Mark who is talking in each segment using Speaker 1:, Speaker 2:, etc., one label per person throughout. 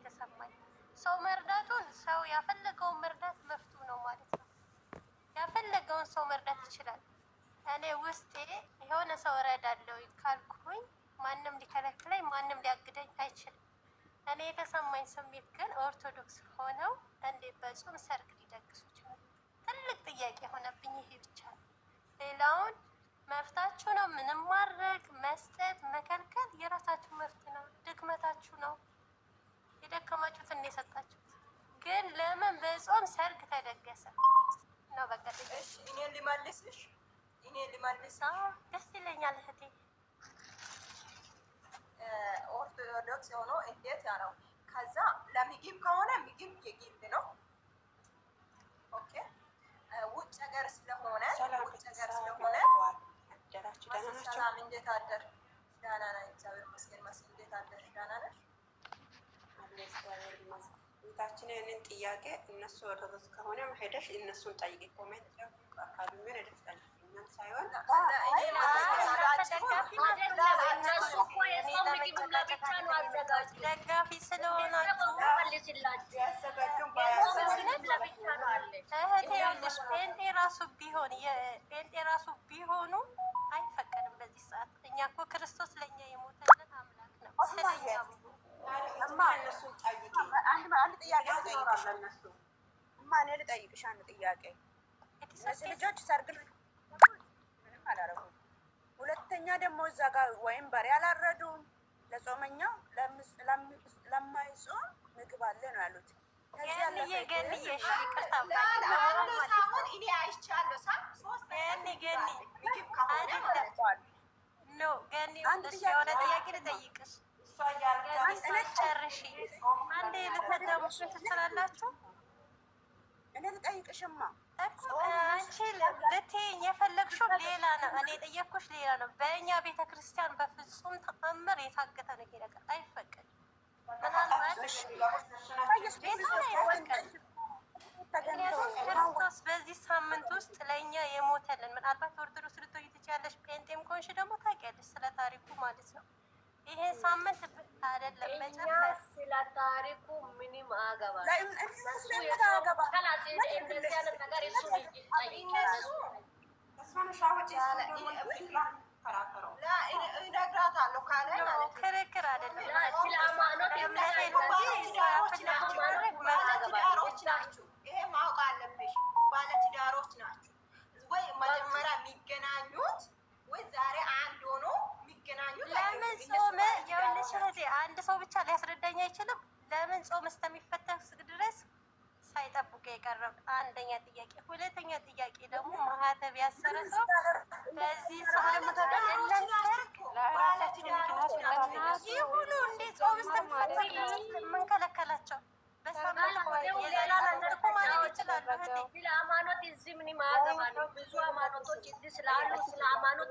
Speaker 1: የተሰማኝ። ሰው መርዳቱን ሰው ያፈለገውን መርዳት መፍቱ ነው ማለት ነው። ያፈለገውን ሰው መርዳት ይችላል። እኔ ውስጤ የሆነ ሰው እረዳለሁ ካልኩኝ ማንም ሊከለክለኝ ማንም ሊያግደኝ አይችልም። እኔ የተሰማኝ ስሜት ግን ኦርቶዶክስ ሆነው እንዴት በጾም ሰርግ ሊደግሱ ይችላል? ትልቅ ጥያቄ የሆነብኝ ይሄ ብቻ ነው። ሌላውን መፍታችሁ ነው። ምንም ማድረግ መስጠት፣ መከልከል የራሳችሁ መፍት ነው፣ ድክመታችሁ ነው። የደከማችሁት እኔ የሰጣችሁት። ግን ለምን በጾም ሰርግ ተደገሰ ነው? በቃ
Speaker 2: እኔ ልመልስሽ፣ እኔ ልመልስ
Speaker 1: ደስ ይለኛል እህቴ።
Speaker 2: ኦርቶዶክስ የሆነ እንዴት ያለው ከዛ ለምግብ ከሆነ ምግብ የግል ነው። ውጭ ሀገር ስለሆነ ውጭ ሀገር ስለሆነ ሰላም እንዴት አደር እግዚአብሔር ይመስገን። ቤታችን ያንን ጥያቄ እነሱ ወረዱት ከሆነ ሄደሽ እነሱን ጠይቅ። ኮሜንት አካባቢ ምን ሳይሆን ደጋፊ
Speaker 1: ስለሆናችሁ ራሱ ቢሆን ራሱ ቢሆኑ አይፈቀድም በዚህ ሰዓት። እኛ እኮ ክርስቶስ ለእኛ የሞተልን አምላክ
Speaker 2: ነው። እማ እኔ ልጠይቅሽ አንድ ጥያቄ። እነዚህ ልጆች ሰርግ ምንም አላረጉም። ሁለተኛ ደግሞ እዛ ጋ ወይም በሬ አላረዱም። ለጾመኛው ለማይጾም ምግብ አለ ነው ያሉት።
Speaker 1: አንድ ጥያቄ ልጠይቅሽ ጨርሽ አንዴ ልታዳሙሽ ትችላላችሁ። እኔ በእኛ ቤተ ክርስቲያን በፍጹም ተአምር የታገተ ነገር አይፈቀድም። በዚህ ሳምንት ውስጥ ለእኛ የሞተልን ምናልባት ኦርቶዶክስ ልትሆኚ ትችያለሽ፣ ጴንጤም ከሆንሽ ደግሞ ታውቂያለሽ ስለ ታሪኩ ማለት ነው ይሄ ሳምንት አይደለም
Speaker 2: ስለ ታሪኩ ምንም አገባል። ክርክር አይደለም። ይሄ ማወቅ አለብሽ። ባለትዳሮች ናችሁ ወይ መጀመሪያ የሚገናኙት ወይ ዛሬ አንድ
Speaker 1: ለምን ጾም የወለሽ እህቴ አንድ ሰው ብቻ ሊያስረዳኝ አይችልም። ለምን ጾም እስከሚፈተስ ድረስ ሳይጠብቁ የቀረብ አንደኛ ጥያቄ። ሁለተኛ ጥያቄ ደግሞ ማህተብ ያሰረ ሰው በዚህ ሰዓት እንዴ? ጾም እስከሚፈተስ ምን ከለከላቸው? ሃይማኖት
Speaker 2: እዚህ ምን ማለት ነው? ብዙ ሃይማኖቶች እዚህ ስላሉ ስለ ሃይማኖት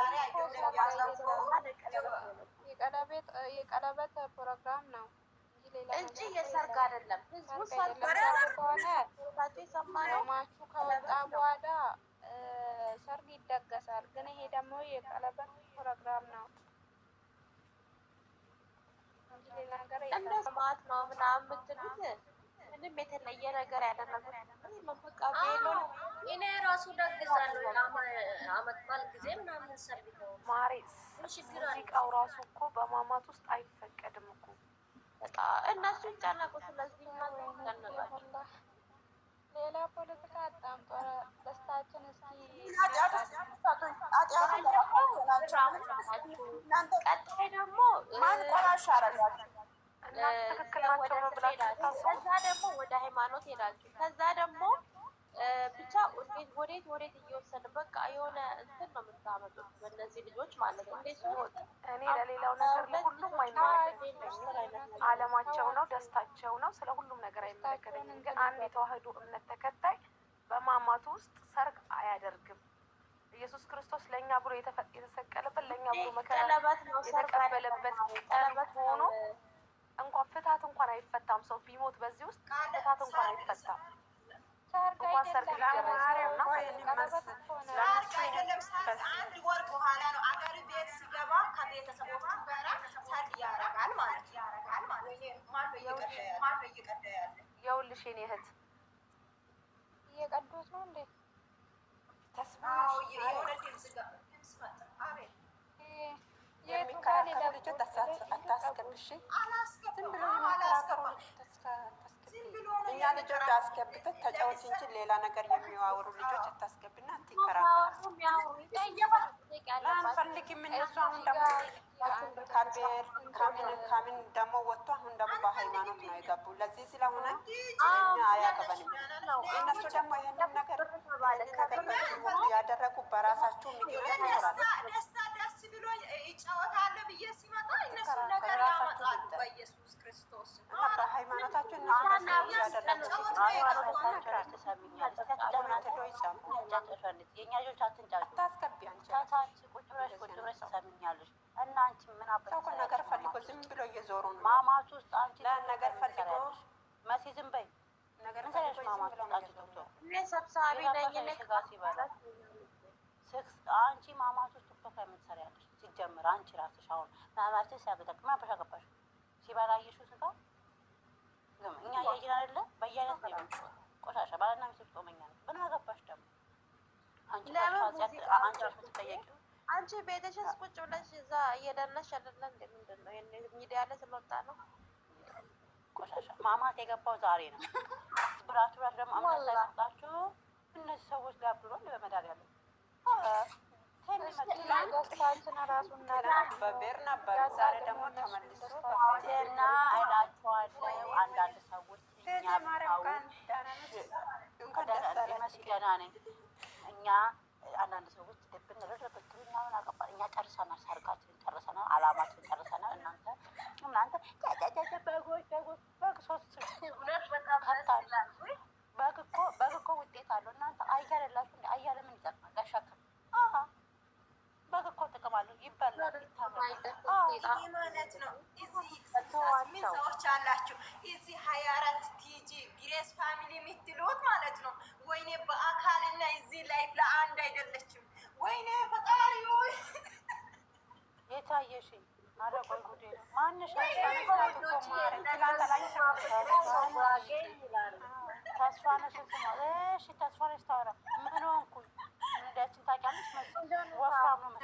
Speaker 1: ቀለበት ፕሮግራም ነው
Speaker 2: እንጂ የሰርግ አይደለም።
Speaker 1: ህዝቡ ሰርግ ከሆነ ሰማችሁ ከወጣ በኋላ ሰርግ ይደገሳል። ግን ይሄ ደግሞ የቀለበት ፕሮግራም ነው። እንደማት ነው ምናምን የምትሉት ምንም የተለየ ነገር ያደረጉት ነው
Speaker 2: እኔ ራሱ ዳግዛለሁ አመት ባል ጊዜ ምናምን ሰርቪ
Speaker 1: ማሪ ሙዚቃው ራሱ እኮ በማማት ውስጥ አይፈቀድም እኮ እነሱ ይጨነቁት። ስለዚህ ሌላ ፖለቲካ አጣምጦረ ደስታችን ቀጣይ ደግሞ
Speaker 2: ከዛ
Speaker 1: ደግሞ ወደ ሃይማኖት ሄዳችሁ ከዛ ደግሞ ብቻ ወዴት ወዴት እየወሰድ በቃ የሆነ እንትን ነው የምታመጡት በእነዚህ ልጆች ማለት ነው። እንዴት እኔ ለሌላው ነገር ለሁሉም አይመለከተኝም። አለማቸው ነው፣ ደስታቸው ነው። ስለ ሁሉም ነገር አይመለከተኝም። ግን አንድ የተዋህዶ እምነት ተከታይ በማማቱ ውስጥ ሰርግ አያደርግም። ኢየሱስ ክርስቶስ ለእኛ ብሎ የተሰቀለበት ለእኛ ብሎ መከራ የተቀበለበት ቀለበት ሆኖ እንኳን ፍታት እንኳን አይፈታም። ሰው ቢሞት በዚህ ውስጥ ፍታት እንኳን አይፈታም። አንድ
Speaker 2: ወር በኋላ ነው አገር ቤት ሲገባ ከቤተሰቦቹ ጋራ ሰርግ ያደርጋል ማለት
Speaker 1: የውልሽ የኔ እህት እየቀዱት ነው እንዴ? ተስፋ እኛ ልጆች አስገብተን ተጫወት እንጂ ሌላ ነገር የሚያወሩ ልጆች አታስገብና አትከራከር። አንፈልግም እነሱ አሁን ደግሞ ከምን ደግሞ ወጥቶ አሁን ደግሞ በሃይማኖት ነው የገቡ። ለዚህ ስለሆነ አያገባንም። እነሱ ደግሞ ይህንን ነገር ያደረጉ በራሳቸው
Speaker 2: ደስታ ደስ ብሎ ይጫወታሉ ብዬ ሲመጣ እነሱ ነገር ያመጣሉ። በኢየሱስ ክርስቶስ
Speaker 1: በሃይማኖታቸው እነሱ እና አንቺ ምን አባሽ ሰው ነገር ፈልጎ ዝም ብሎ እየዞሩ ነው። ማማቱ ውስጥ አንቺ ነገር ፈልጎ መሲ ዝም በይ ነገር ፈልጎ ማማቱ ውስጥ አንቺ ገብቶ ምን ሰብሳቢ ነኝ ነኝ ጋር ሲበላ ስክስ አንቺ ማማቱ ውስጥ ቶካ የምትሰሪ ያለሽ ሲጀምር አንቺ ራስሽ አሁን ማማቱ ሲያበጠቅ ማባሽ ገባሽ ሲበላ ይሹ ስጋ ግን እኛ ያይና አይደለ በየአይነት ነው ቆሻሻ ባልና ሚስት ቆመኛ ነው። ምን አገባሽ ደግሞ አንቺ ለምን አንቺ ምትጠየቂው አንቺ ቤተሽስ ቁጭ ብለሽ እዛ እየደነሽ አይደለ? እንደ ምንድን ነው ሚዲያ ላይ ትመጣ ነው። ቆሻሻ ማማት የገባው ዛሬ ነው። ብራችሁ ብራችሁ ደግሞ አምነት ላይ እነዚህ ሰዎች ጋር ብሎ በመድኃኒዓለም ያለ ሰዎች እኛ አንዳንድ ሰዎች ምናምን አገባል። እኛ ጨርሰናል፣ ሰርጋችን ጨርሰናል፣ አላማችን ጨርሰናል። እናንተ እናንተ በጎች በጎች በግ ሶስት ሁለት በጣም በግ እኮ በግ እኮ ውጤት አለው። እናንተ አያ ለላችሁ እንደ አያ ለምን ይጠቅማል? ጋሻክም በግ እኮ ጥቅም አለው፣ ይበላል። ይህ
Speaker 2: ማለት ነው። እዚህ ስሚን ሰዎች አላችሁ እዚህ ሀያ አራት ቲጂ ግሬስ ፋሚሊ የምትሉት ማለት ነው። ወይኔ በአካልና እዚህ ላይ
Speaker 1: አየሽኝ። አረ ቆይ ጉዴ ነው። ማንሽ ተስፋ ነሽ እሺ ተስፋ ነሽ ታወራ። ምን ሆንኩኝ? ምንዳችን ታውቂያለሽ መሰለኝ ወፍራም ነው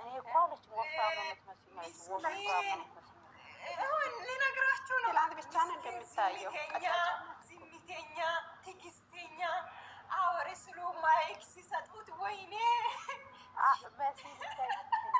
Speaker 1: እኔ እኮ አለችኝ ወፍራም ነው የምትመስለኝ
Speaker 2: ልነግራችሁ ነው።
Speaker 1: ትናንት ብቻ ነው እንደምታየው
Speaker 2: ዝምተኛ፣ ትዕግስተኛ አወሬ ስሉ ማይክ ሲሰጡት ወይኔ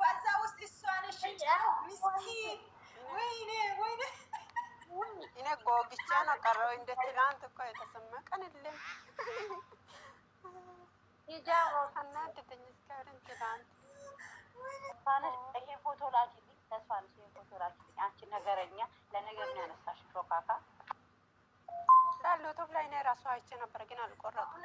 Speaker 2: በዛ ውስጥ እሷ
Speaker 1: እኔ ጎግቻ ነው ቀረው። እንደ ትናንት እኮ የተሰመቀን የለም። አናደደኝ እስካሁን ትናንት። ይሄ ፎቶ ላኪልኝ፣ ተስፋ ነሽ። ይሄ ፎቶ ላኪልኝ። አንቺ ነገረኛ፣ ለነገር ነው ሾካካ ላሉ ላይ እኔ እራሱ አይቼ ነበር፣ ግን አልቆረጡም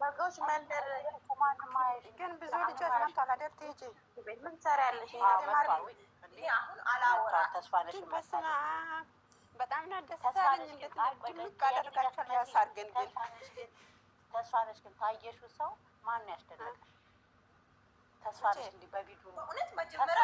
Speaker 1: በጎች መንደር ግን ብዙ ልጆች መቷል አይደል? ትሄጂ ምን ትሰሪያለሽ? በጣም ነው ደስ ያለኝ። ግን ተስፋነሽ ግን ታየሽው ሰው ማን ያስደነቀሽ? ተስፋነሽ እንዲህ በቪዲዮ
Speaker 2: ነው መጀመሪያ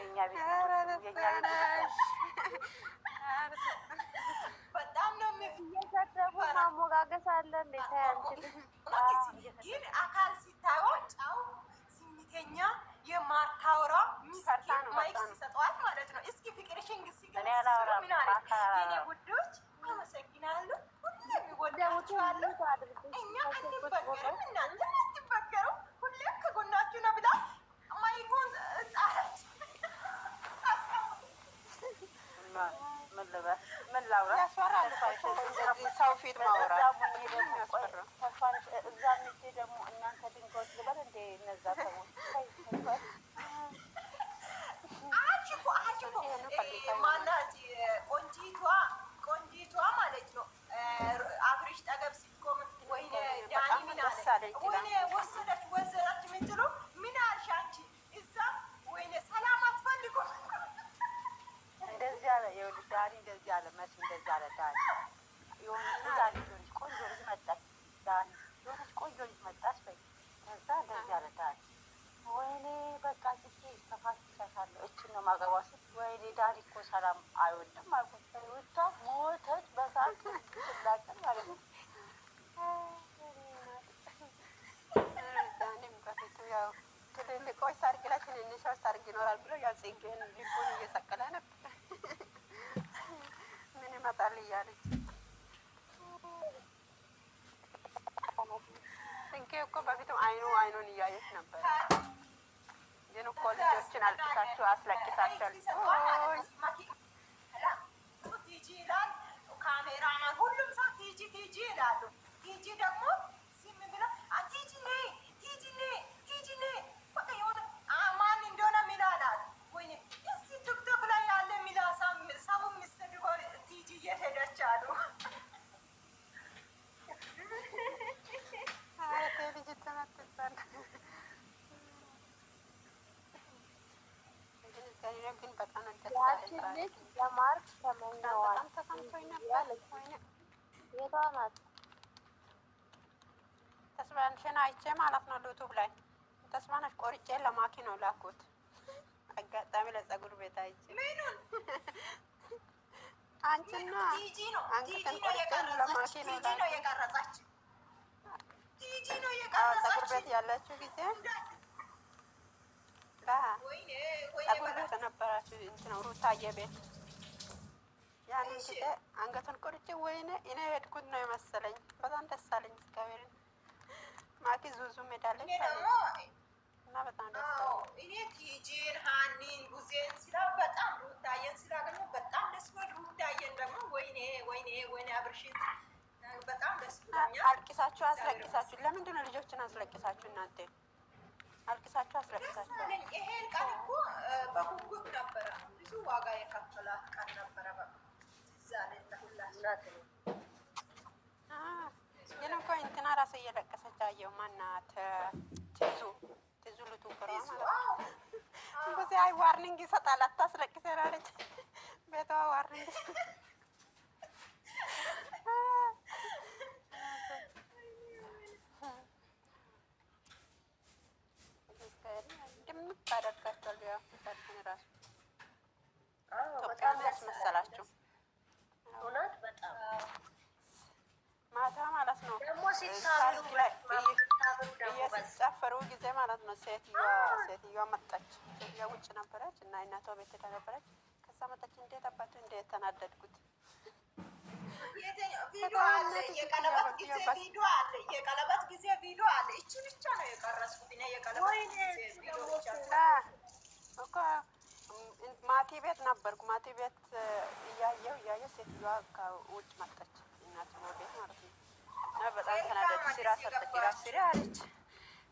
Speaker 1: የኛ ቤት በጣም ነው እየሰደቡ ማሞጋገስ አለ እንዴ?
Speaker 2: ግን አካል ሲታየው ጫው ስሚተኛ የማታወራ
Speaker 1: ሚስት ማይክ
Speaker 2: ሲሰጠዋል ማለት ነው። እስኪ ፍቅርሽን
Speaker 1: የኔ
Speaker 2: ውዶች አመሰግናለሁ። ሁሉ
Speaker 1: የሚወዳችኋለሁ።
Speaker 2: እኛ አንበገርም እናንተ
Speaker 1: مفيد ما وراء ነው የማገባው ስል ወይኔ ዳሪ እኮ ሰላም አይወድም አልኩት። ሩታ ሞተች በሳት ላቀን ማለት ነው። ትልልቆች ላይ ይኖራል ብሎ ልቡን እየሰቀለ ነበር። ምን ይመጣል እያለች ጽጌ እኮ በፊትም አይኑ አይኑን እያየች ነበር። ግን እኮ ልጆችን አልቅሳችሁ አስለቅሳችኋል።
Speaker 2: ሁሉም ሰው ቲጂ ቲጂ ይላሉ። ቲጂ ደግሞ
Speaker 1: ግን በጣም ለማርክ ተመኘዋል። የቷ ናት? ተስፋንሽን አይቼ ማለት ነው ዩቱብ ላይ ተስፋነሽ ቆርጬ ለማኪ ነው ላኩት። አጋጣሚ ለጸጉር ቤት አይቼ አንቺና አንቺን ቆርጬ ለማኪ ነው
Speaker 2: ላኩት። ጸጉር ቤት
Speaker 1: ያላችሁ ጊዜ ጋር ጸጉር ቤት ነበራችሁ እንትን ሩታዬ ቤት ያን ጊዜ አንገቱን ቁርጭ ወይኔ እኔ ሄድኩት ነው የመሰለኝ። በጣም ደስ አለኝ። እግዚአብሔርን ማኪ ዙዙ ሄዳለች እና በጣም
Speaker 2: ደስ እኔ ቲጂን ሀኒን ጉዜን ስላ በጣም ሩታዬን ስላ በጣም ደስ ብሎ ሩታዬን ደግሞ ወይኔ ወይኔ ወይኔ አብርሽት በጣም ደስ
Speaker 1: ብሎኛል። አልቅሳችሁ አስለቅሳችሁ ለምንድን ነው ልጆችን አስለቅሳችሁ እናንተ? አልቅሳችሁ አስለቅሳችኋል።
Speaker 2: ይሄን ቀን እኮ በጉጉት ነበረ፣ ብዙ ዋጋ የከፈላት ቀን ነበረ።
Speaker 1: ግን እኮ እንትና ራሱ እየለቀሰች አየሁ። ማናት ትዙ ትዙ ልቱክሯ
Speaker 2: ማለት
Speaker 1: ነው። አይ ዋርኒንግ ይሰጣል አታስለቅስ ቤቷ ዋርኒንግ ሴትዮዋ ሴትዮዋ መጣች። ሴትዮዋ ውጭ ነበረች እና እናቷ ቤት ሄዳ ነበረች። ከዛ መጣች። እንዴት አባቱ እንዴት ተናደድኩት።
Speaker 2: የቀለበት ጊዜ ቪዲዮ አለ። እቺ ብቻ ነው የቀረስኩት የቀለበት ጊዜ
Speaker 1: እኮ ማቲ ቤት ነበርኩ። ማቲ ቤት እያየሁ እያየሁ ሴትዮዋ ከውጭ መጣች። እናት ቤት ማለት ነው በጣም ተናደድኩ። ሰጠች። አለች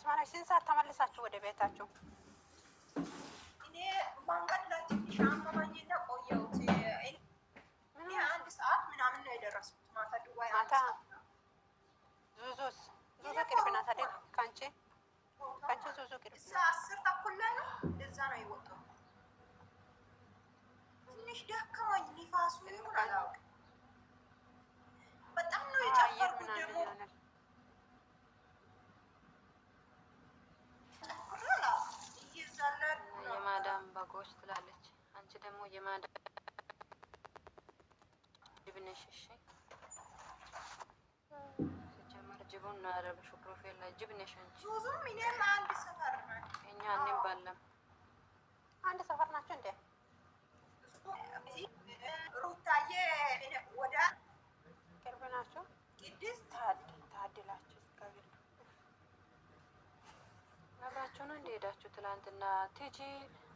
Speaker 1: በስማናሽ ስንት ሰዓት ተመልሳችሁ ወደ ቤታችሁ?
Speaker 2: እኔ መንገድ ላይ ትንሽ አመመኝና ቆየሁት። እኔ አንድ ሰዓት ምናምን ነው የደረስኩት ማታ ዱባይ።
Speaker 1: ማታ ዙዙስ ዙዙ ቅርብ ናት አይደል? ከአንቺ ከአንቺ ዙዙ ቅርብ
Speaker 2: እዛ አስር ተኩል ላይ ነው እንደዛ ነው የወጣው። ትንሽ ደከመኝ። ሊፋሱ ይሆን አላውቅም። በጣም ነው የጨፈርኩት
Speaker 1: ደግሞ ሰዎች ትላለች። አንቺ ደግሞ የማዳ ጅብነሽ። እሺ ሲጀመር ጅቡን ነው ያደረግሽው ፕሮፌል ላይ ጅብነሽ አንቺ። እኛ አንድ ሰፈር ናቸው እንዴ?
Speaker 2: ሩታዬ ወደ
Speaker 1: ቅርብ ናቸው። ታድላችሁ አብራችሁ ነው እንደሄዳችሁ ትላንትና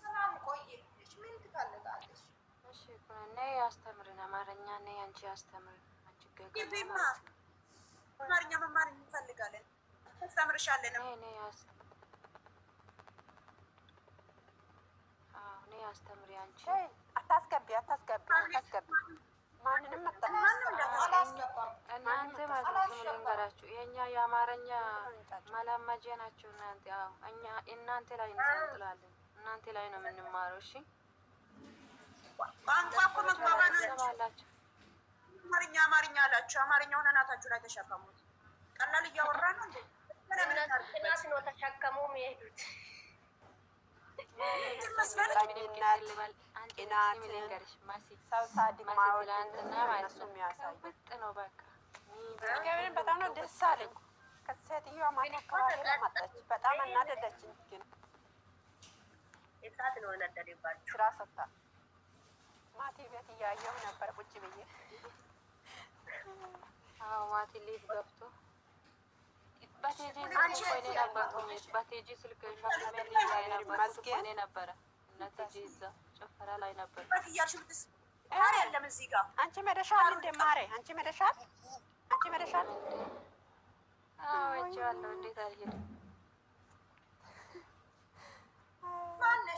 Speaker 2: ሰላም ቆይ ምን ትፈልጋለች?
Speaker 1: እሺ ነይ አስተምርን፣ አማርኛ ነይ አንቺ አስተምር
Speaker 2: አማርኛ መማር እንፈልጋለን፣ አስተምርሻለን።
Speaker 1: አስተምሪ አንቺ። አታስገቢ አታስገቢ አታስገቢ እናንተ ማለት ነው ልንገራችሁ፣ የእኛ የአማርኛ ናቸው እናንተ። አዎ እኛ እናንተ ላይ እንጥላለን እናንተ ላይ ነው የምንማረው። እሺ
Speaker 2: ቋንቋ እኮ መግባባት አማርኛ አማርኛ አላችሁ። አማርኛውን እናታችሁ ላይ ተሸከሙት። ቀላል እያወራ ነው እንዴ?
Speaker 1: ነው ተሸከሙ የሚሄዱት በጣም ነው ደስ አለኝ። ከሴትዮዋ ማታ አካባቢ መጣች። በጣም እናደደችኝ
Speaker 2: ሰዓት ነው የነደደባቸው።
Speaker 1: ሹራ ሰታ ማቲ ቤት እያየሁ ነበር ቁጭ ብዬ። አዎ ማቲ ሌት ገብቶ በቴጂ ስልክ ሸፍሜ ነበረ እዛ ጭፈራ ላይ ነበር። አንቺ መደሻል ማሬ አንቺ መደሻል አንቺ መደሻል። አዎ እጅ አለው እንዴት አልሄድም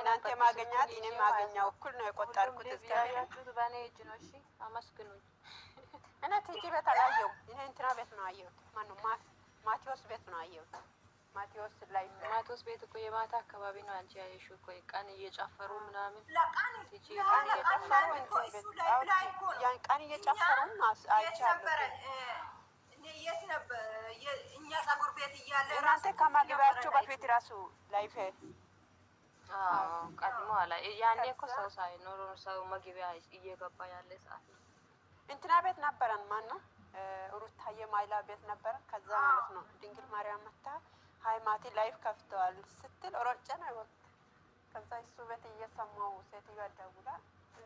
Speaker 1: እናንተ ማገኛት እኔ ማገኛው እኩል ነው የቆጠርኩት። እግዚአብሔር በእኔ እጅ ነው። እሺ አመስግኑኝ። እና ቴጂ ቤት አላየሁም። እኔ እንትና ቤት ነው አየሁት። ማነው ማቴዎስ ቤት ነው አየሁት። ማቴዎስ ላይ ማቴዎስ ቤት እኮ የማታ አካባቢ ነው አንቺ ያየሽው እኮ ቀን እየጨፈሩ ምናምን ቀን እየጨፈሩ
Speaker 2: የት ነበር እኛ ጸጉር ቤት እያለ
Speaker 1: እናንተ ከማግባችሁ በፊት ራሱ ላይፍ ቀድሞ አላ ያኔ እኮ ሰው ሳይኖር ሰው መግቢያ እየገባ ያለ ሰዓት እንትና ቤት ነበረን። ማን ነው ሩታዬ ማይላ ቤት ነበረን። ከዛ ማለት ነው ድንግል ማርያም መታ ሃይማቲ ላይፍ ከፍተዋል ስትል ሮጬ ነው ወጥ ከዛ እሱ ቤት እየሰማው ሴትዮ ደውላ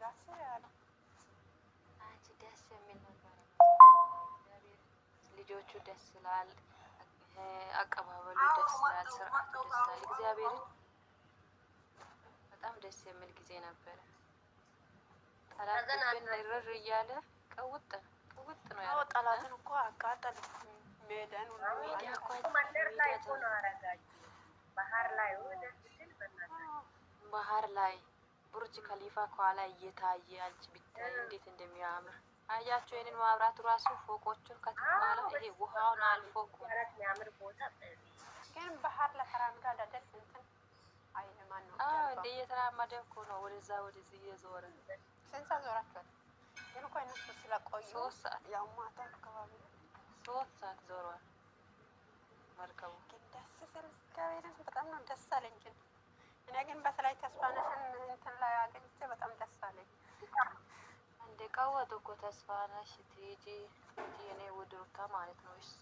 Speaker 1: ራስ ያለ አንቺ ደስ የሚል ነበር ልጆቹ ደስ ይላል፣ አቀባበሉ ደስ ይላል፣ ስርዓቱ ደስ ይላል። እግዚአብሔርን በጣም ደስ የሚል ጊዜ ነበረ። ጠላትን ረር እያለ ቀውጥ ቀውጥ ነው ያለው። ጠላትን እኮ አቃጠል ሜዳን
Speaker 2: ሜዳ እኮ
Speaker 1: ባህር ላይ ቡርጅ ከሊፋ ከኋላ እየታየ አንቺ ብታይ እንዴት እንደሚያምር አያቸው ይህንን ማብራት ራሱ ፎቆቹን ከተባለ ይሄ ውሃውን አልፎ ግን ባህር ለከራምጋ ደደት እንትን አይልማን ነው። አዎ እንደ እየተራመደ እኮ ነው ወደዛ ወደዚህ እየዞረ ስንት ሰዓት ዞራችኋል? ግን እኮ እነሱ ስለቆዩ ሶስት ሰዓት ያው ማታ አካባቢ ሶስት ሰዓት ዞሯል መርከቡ። ግን ደስ ሲል እግዚአብሔርን በጣም ነው ደስ አለኝ። ግን እኔ ግን በተለይ ተስፋ ነሽን እንትን ላይ አገኝቼ በጣም ደስ አለኝ። እንደ ቀወጡ እኮ ተስፋ ነሽ ትሄጂ እንጂ እኔ ማለት ነው። እሷ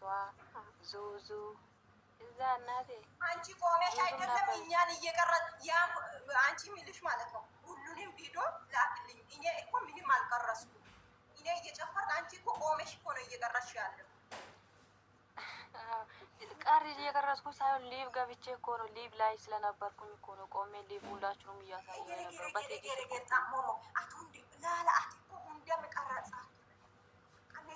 Speaker 1: ዙዙ እዛ እናቴ
Speaker 2: አንቺ ቆመሽ አይደለም እኛን እየቀረጽ ያ አንቺ የሚልሽ ማለት ነው። ሁሉንም ቪዲዮ ላክልኝ። እኔ እኮ ምንም አልቀረስኩ። እኔ እየጨፈር አንቺ እኮ ቆመሽ እኮ ነው እየቀረስሽ ያለው።
Speaker 1: ቀሪ እየቀረስኩ ሳይሆን ሊቭ ገብቼ እኮ ነው። ሊቭ ላይ ስለነበርኩኝ እኮ ነው ቆሜ ሊቭ ሁላችሁም እያሳዩ
Speaker 2: ነበር። በቴጌ ጣሞ ላላ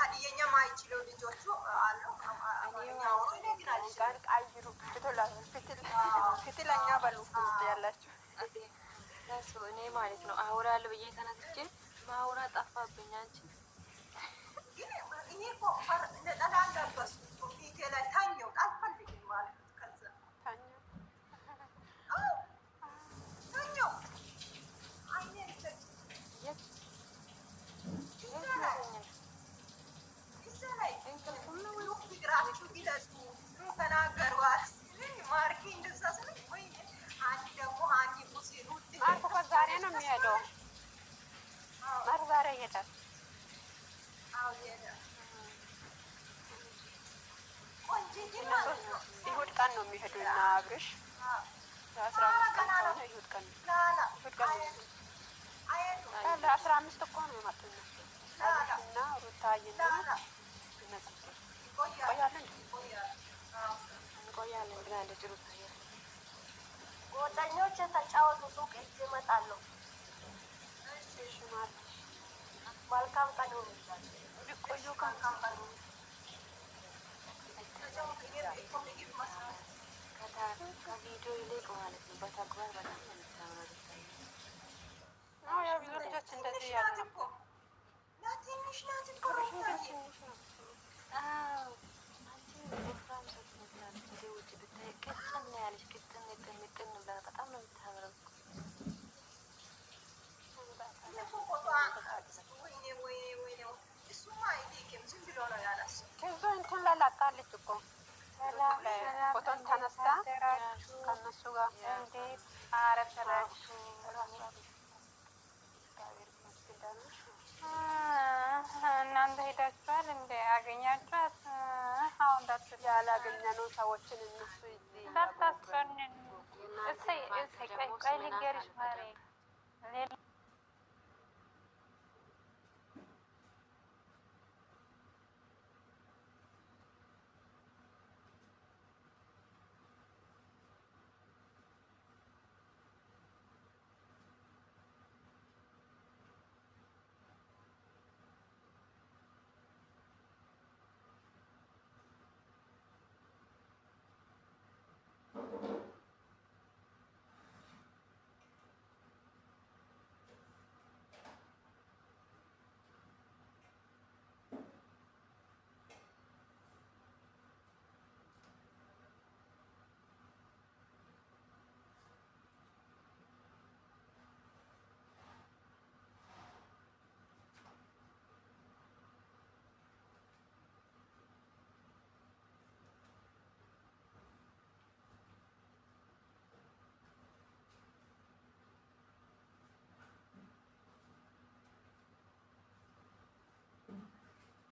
Speaker 2: ሀዲየኛም አይችለው ልጆቹ አሉ
Speaker 1: አብርሽ አስራ አምስት ቀን ከሆነ እሑድ ቀን እሑድ ቀን አምስት እኮ ነው የመጡት እና እንቆያለን እንቆያለን ብላለች ሩታዬ።
Speaker 2: ጓደኞች ሱቅ እመጣለሁ። መልካም ቀን
Speaker 1: ከቪዲዮ ይልቅ ማለት ነው በተግባር በጣም ነው የምታምረው። አደራችሁ ከእነሱ ጋር እንዴት አረከላችሁ። እናንተ ሄዳችኋል እንደ አገኛችኋት አሁን ዳስ ያላገኘ ነው ሰዎችን እነሱ ዳታስፈንን እሰይ እሰይ ቆይ ቆይ ልንገርሽ ማሬ